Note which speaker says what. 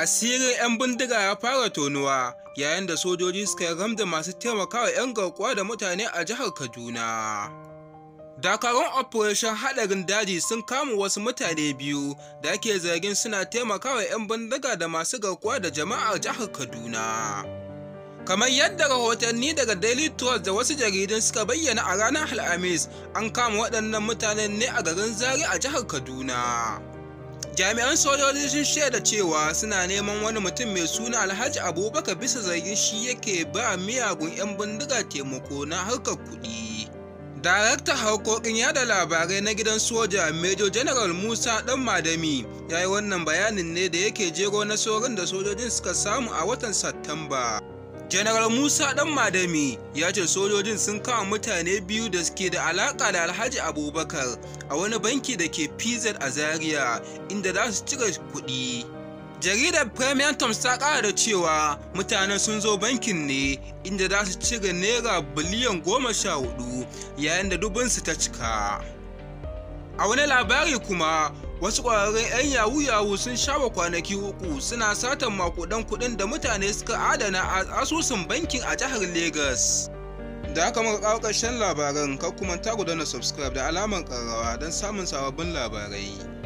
Speaker 1: asirin 'yan bindiga ya fara tonuwa yayin da sojoji suka yi ramda masu taimakawa 'yan garkuwa da mutane a jihar kaduna dakarun operation hadarin daji sun kama wasu mutane biyu da ake zargin suna taimakawa 'yan bindiga da masu garkuwa da jama'ar jihar kaduna kamar yadda rahotanni daga daily trust da wasu jaridun suka bayyana a ranar alhamis an kama waɗannan mutanen ne a garin zari a jihar kaduna jami'an sojoji sun shaida cewa suna neman wani mutum mai suna alhaji abubakar bisa zargin shi yake ba miyagun 'yan bindiga taimako na harkar kuɗi darakta harkokin yada labarai na gidan soja major general musa dan madami ya yi wannan bayanin ne da yake jero nasorin da sojojin suka samu a watan satamba General Musa Dan Madami ya ce sojojin sun kama mutane biyu da suke da alaƙa da Alhaji Abubakar a wani banki da ke PZ a Zaria inda za su cire kuɗi. Jaridar Premier Times ta ƙara da cewa mutanen sun zo bankin ne inda za su cire naira biliyan goma sha hudu yayin da dubinsu ta cika. A wani labari kuma wasu ƙwararrun 'yan yawu-yawu sun wa kwanaki uku suna satan makudan kuɗin da mutane suka adana a asusun bankin a jihar Legas. Da aka kawo ƙarshen labaran, kar kuma ta gudanar subscribe da alamar ƙararrawa don samun sababbin labarai.